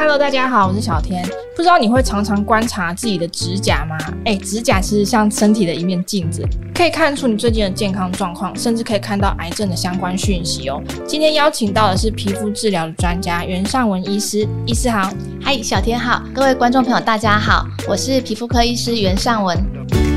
Hello，大家好，我是小天。不知道你會常常觀察自己的指甲嗎？哎，指甲其實像身體的一面鏡子，可以看出你最近的健康狀況，甚至可以看到癌症的相關訊息哦。今天邀請到的是皮膚治療的專家袁上雯醫師。醫師好。嗨，小天好，各位觀眾朋友大家好，我是皮膚科醫師袁上雯。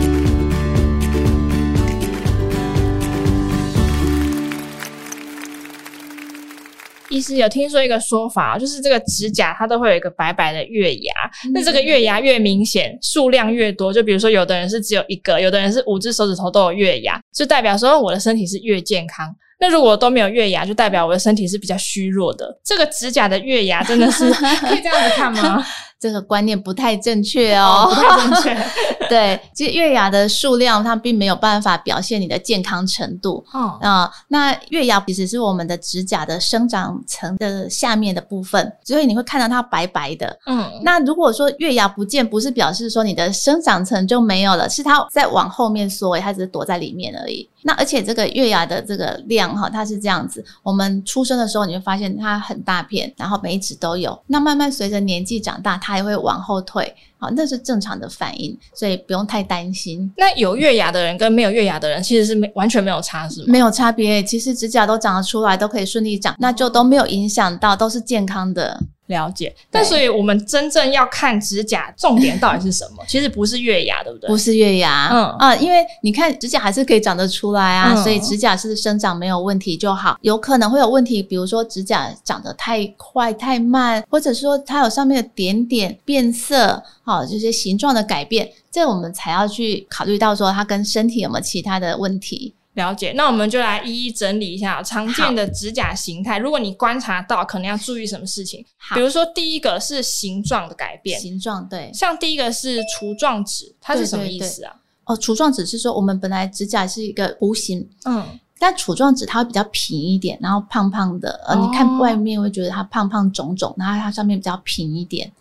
醫師有聽說一個說法，就是這個指甲它都會有一個白白的月牙，那、嗯、這個月牙越明顯，數量越多，就比如說有的人是只有一個，有的人是五只手指頭都有月牙，就代表說我的身體是越健康。那如果都沒有月牙，就代表我的身體是比較虛弱的。這個指甲的月牙真的是 可以這樣子看嗎？ 這個觀念不太正確哦，哦，不太正確。 對，其實月牙的數量它並沒有辦法表現你的健康程度。嗯啊、呃，那月牙其實是我們的指甲的生長層的下面的部分，所以你會看到它白白的。嗯，那如果說月牙不見，不是表示說你的生長層就沒有了，是它在往後面縮，它只是躲在裡面而已。那而且這個月牙的這個量哈、哦，它是這樣子：我們出生的時候你會發現它很大片，然後每一指都有。那慢慢隨着年紀長大，它也會往後退。好，那是正常的反應，所以不用太擔心。那有月牙的人跟沒有月牙的人，其實是沒完全沒有差，是嗎？沒有差別、欸，其實指甲都長得出來，都可以順利長，那就都沒有影響到，都是健康的。了解，對但所以我們真正要看指甲重點到底是什麼？ 其實不是月牙，對不對？不是月牙，嗯啊，因為你看指甲還是可以長得出來啊，嗯、所以指甲是生長沒有問題就好。有可能會有問題，比如說指甲長得太快、太慢，或者是說它有上面的點點變色，好，這些形狀的改變，這我們才要去考慮到說它跟身體有沒有其他的問題。了解，那我們就來一一整理一下常見的指甲形態。好如果你觀察到，可能要注意什麼事情？好比如說，第一個是形狀的改變，形狀，對。像第一個是杵狀指，它是什麼意思啊？對對對哦，杵狀指是說我們本來指甲是一個弧形，嗯，但杵狀指它會比較平一點，然後胖胖的，呃，你看外面會覺得它胖胖腫腫，然後它上面比較平一點。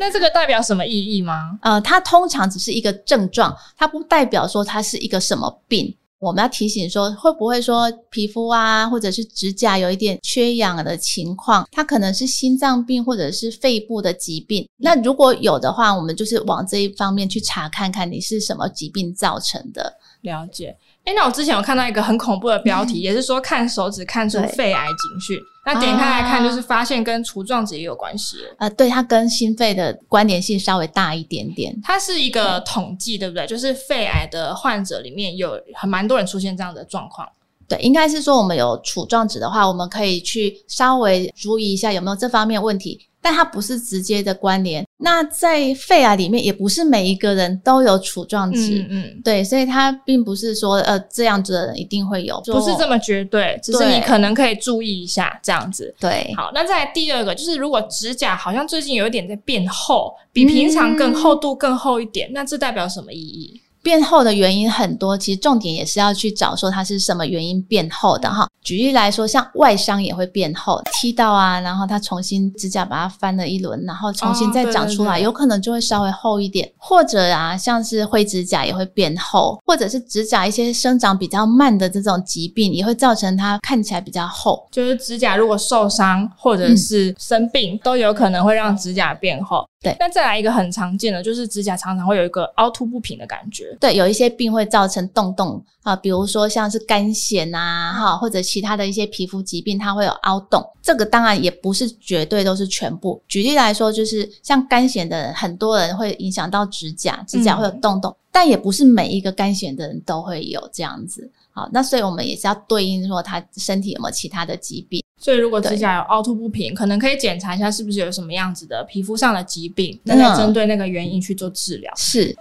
那這個代表什麼意義嗎？呃，它通常只是一個症狀，它不代表說它是一個什麼病。我們要提醒說，會不會說皮膚啊，或者是指甲有一點缺氧的情況，它可能是心臟病或者是肺部的疾病。那如果有的話，我們就是往這一方面去查，看看你是什麼疾病造成的。了解，哎，那我之前有看到一個很恐怖的標題，嗯、也是說看手指看出肺癌警訊。對那點開來看，就是發現跟杵狀指也有關係。呃、啊，對，它跟心肺的關聯性稍微大一點點。它是一個統計，對，對不對？就是肺癌的患者裡面有很蠻多人出現這樣的狀況。對，應該是說我們有杵狀指的話，我們可以去稍微注意一下有沒有這方面的問題，但它不是直接的關聯。那在肺癌、啊、裡面，也不是每一個人都有杵狀指，嗯嗯，對，所以它並不是說呃這樣子的人一定會有，不是這麼絕對，對，只是你可能可以注意一下這樣子。對，好，那再來第二個就是，如果指甲好像最近有一點在變厚，比平常更厚度更厚一點，嗯、那這代表什麼意義？變厚的原因很多，其實重點也是要去找說它是什麼原因變厚的哈。舉例來說，像外傷也會變厚，踢到啊，然後它重新指甲把它翻了一輪，然後重新再長出來，哦、對對對，有可能就會稍微厚一點。或者啊，像是灰指甲也會變厚，或者是指甲一些生長比較慢的這種疾病，也會造成它看起來比較厚。就是指甲如果受傷或者是生病，嗯、都有可能會讓指甲變厚。對，那再來一個很常見的，就是指甲常常會有一個凹凸不平的感覺。對，有一些病會造成洞洞啊，比如說像是乾癬啊，哈，或者其他的一些皮膚疾病，它會有凹洞。這個當然也不是絕對都是全部。舉例來說，就是像乾癬的人很多人會影響到指甲，指甲會有洞洞。嗯但也不是每一個乾癬的人都會有這樣子，好，那所以我們也是要對應說他身體有沒有其他的疾病。所以如果指甲有凹凸不平，對可能可以檢查一下是不是有什麼樣子的皮膚上的疾病，嗯、那再針對那個原因去做治療。是。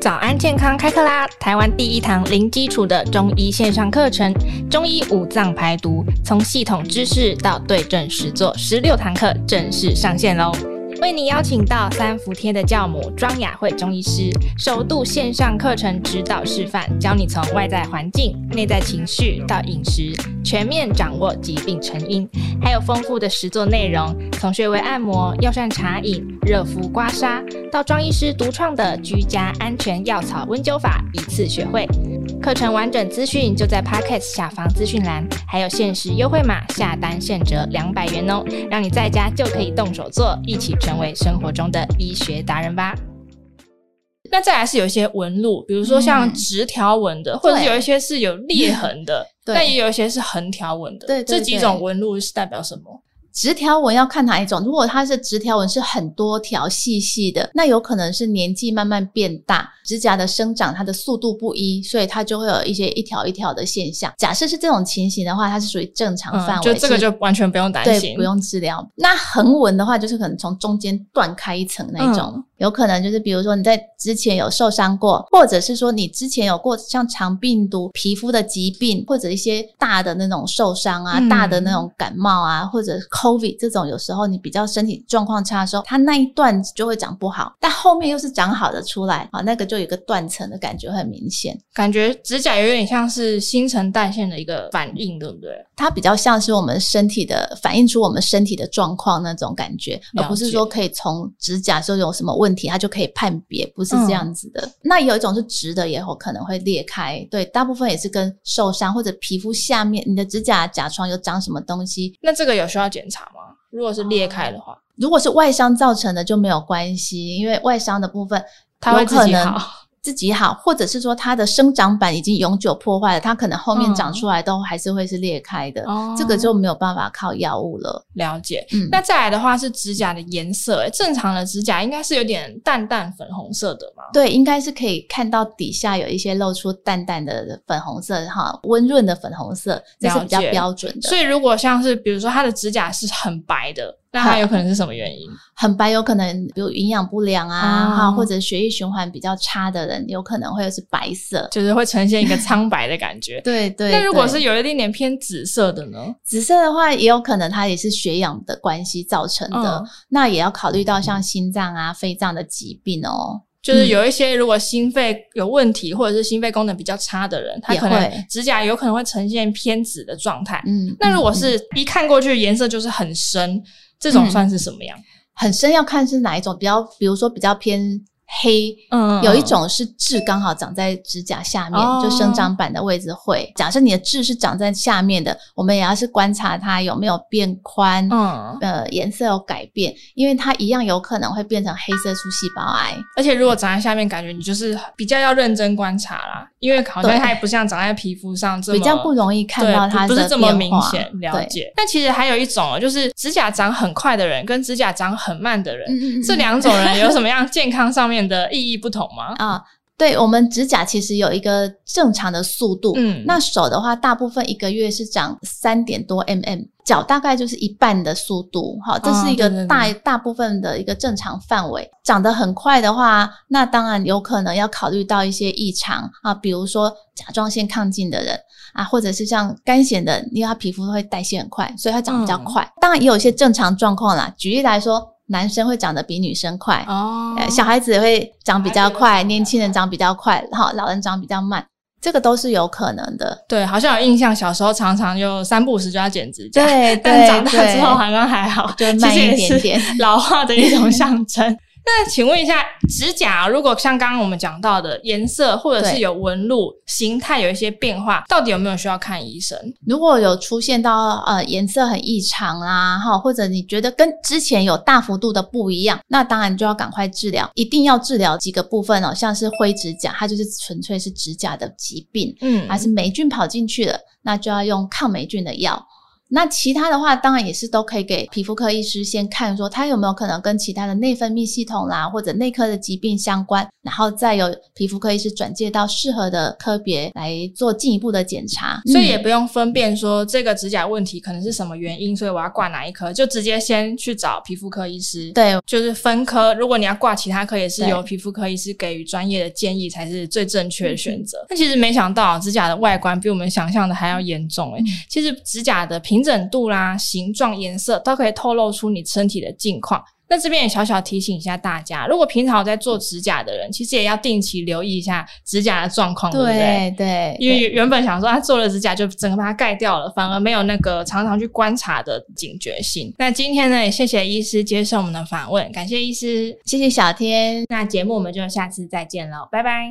早安健康開課啦！台灣第一堂零基礎的中醫線上課程——中醫五臟排毒，從系統知識到對症實做，十六堂課正式上線嘍！為你邀請到三伏天的教母莊雅慧中醫師，首度線上課程指導示範，教你從外在環境、內在情緒到飲食，全面掌握疾病成因，還有豐富的實作內容，從穴位按摩、藥膳茶飲、熱敷刮痧，到莊醫師獨創的居家安全藥草溫灸法，一次學會。課程完整資訊就在 Podcast 下方資訊欄，還有限時優惠碼，下單現折兩百元哦，讓你在家就可以動手做，一起成為生活中的醫學達人吧。那再來是有一些紋路，比如說像直條紋的，嗯、或者有一些是有裂痕的，對但也有一些是橫條紋的，對這幾種紋路是代表什麼？直條紋要看哪一種，如果它是直條紋是很多條細細的，那有可能是年紀慢慢變大，指甲的生長它的速度不一，所以它就會有一些一條一條的現象。假設是這種情形的話，它是屬於正常範圍，嗯，就這個就完全不用擔心，對，不用治療。那橫紋的話，就是可能從中間斷開一層那一種。嗯有可能就是比如說你在之前有受傷過，或者是說你之前有過像腸病毒、皮膚的疾病，或者一些大的那種受傷啊、嗯、大的那種感冒啊，或者 COVID 這種，有時候你比較身體狀況差的時候，它那一段就會長不好，但後面又是長好的出來啊，那個就有一個斷層的感覺很明顯，感覺指甲有點像是新陳代謝的一個反應，對不對？它比較像是我們身體的，反映出我們身體的狀況那種感覺，而不是說可以從指甲就有什麼。問題它就可以判別，不是這樣子的。嗯、那有一種是直的，以後可能會裂開。對，大部分也是跟受傷或者皮膚下面你的指甲甲床有長什麼東西。那這個有需要檢查嗎？如果是裂開的話，啊、如果是外傷造成的就沒有關係，因為外傷的部分它會自己好。自己好，或者是說它的生長板已經永久破壞了，它可能後面長出來都還是會是裂開的，嗯、這個就沒有辦法靠藥物了。了解，嗯、那再來的話是指甲的顏色、欸，正常的指甲應該是有點淡淡粉紅色的吧？對，應該是可以看到底下有一些露出淡淡的粉紅色，哈，溫潤的粉紅色，這是比較標準的。所以如果像是比如說它的指甲是很白的。那它有可能是什麼原因？很白，有可能，比如營養不良啊，哈、嗯，或者血液循環比較差的人，有可能會是白色，就是會呈現一個蒼白的感覺。對 對。那對如果是有一點點偏紫色的呢？紫色的話，也有可能它也是血氧的關係造成的。嗯、那也要考慮到像心臟啊、肺、嗯、臟的疾病哦。就是有一些如果心肺有問題，或者是心肺功能比較差的人，嗯、他可能指甲有可能會呈現偏紫的狀態。嗯。那如果是一看過去顏色就是很深，這種算是什麼樣？嗯，很深要看是哪一種，比較，比如說比較偏，黑，嗯，有一種是痣剛好長在指甲下面，哦，就生長板的位置會。假設你的痣是長在下面的，我們也要是觀察它有沒有變寬，嗯，呃，顏色有改變，因為它一樣有可能會變成黑色素細胞癌。而且如果長在下面，感覺你就是比較要認真觀察啦，因為好像它也不像長在皮膚上這種對。比較不容易看到它的不，不是這麼明顯，了解。對對但其實還有一種，哦，就是指甲長很快的人跟指甲長很慢的人，這兩種人有什麼樣健康上面？的意義不同嗎？啊，對，我們指甲其實有一個正常的速度，嗯，那手的話，大部分一個月是長三點多 mm，腳大概就是一半的速度，哈，這是一個大、哦、對對對，大部分的一個正常範圍。長得很快的話，那當然有可能要考慮到一些異常啊，比如說甲狀腺亢進的人啊，或者是像乾癬的，因為他皮膚會代謝很快，所以他長比較快。嗯、當然也有一些正常狀況啦，舉例來說。男生會長得比女生快哦，呃，小孩子會長比較快，年輕人長比較快，老人長比較慢，這個都是有可能的。對，好像有印象，小時候常常就三不五時就要剪指甲，對，對，但長大之後好像還好，就慢一點點，老化的一種象徵。 那請問一下，指甲如果像剛剛我們講到的顏色，或者是有紋路、對形態有一些變化，到底有沒有需要看醫生？如果有出現到呃顏色很異常啦，哈，或者你覺得跟之前有大幅度的不一樣，那當然就要趕快治療。一定要治療幾個部分哦，像是灰指甲，它就是純粹是指甲的疾病，嗯，還是霉菌跑進去了，那就要用抗霉菌的藥。那其他的話，當然也是都可以給皮膚科醫師先看，說他有沒有可能跟其他的內分泌系統啦，或者內科的疾病相關，然後再由皮膚科醫師轉介到適合的科別來做進一步的檢查。所以也不用分辨說這個指甲問題可能是什麼原因，所以我要掛哪一科，就直接先去找皮膚科醫師。對，就是分科。如果你要掛其他科，也是由皮膚科醫師給予專業的建議對才是最正確的選擇。那 其實沒想到指甲的外觀比我們想象的還要嚴重誒、欸，其實指甲的平整,整度啦、啊、形狀、顏色都可以透露出你身體的近況。那這邊也小小提醒一下大家，如果平常在做指甲的人，其實也要定期留意一下指甲的狀況，對不對？對。因為原本想說他做了指甲就整個把它蓋掉了，對反而沒有那個常常去觀察的警覺性。那今天呢，也謝謝醫師接受我們的訪問，感謝醫師，謝謝小天。那節目我們就下次再見嘍，拜拜。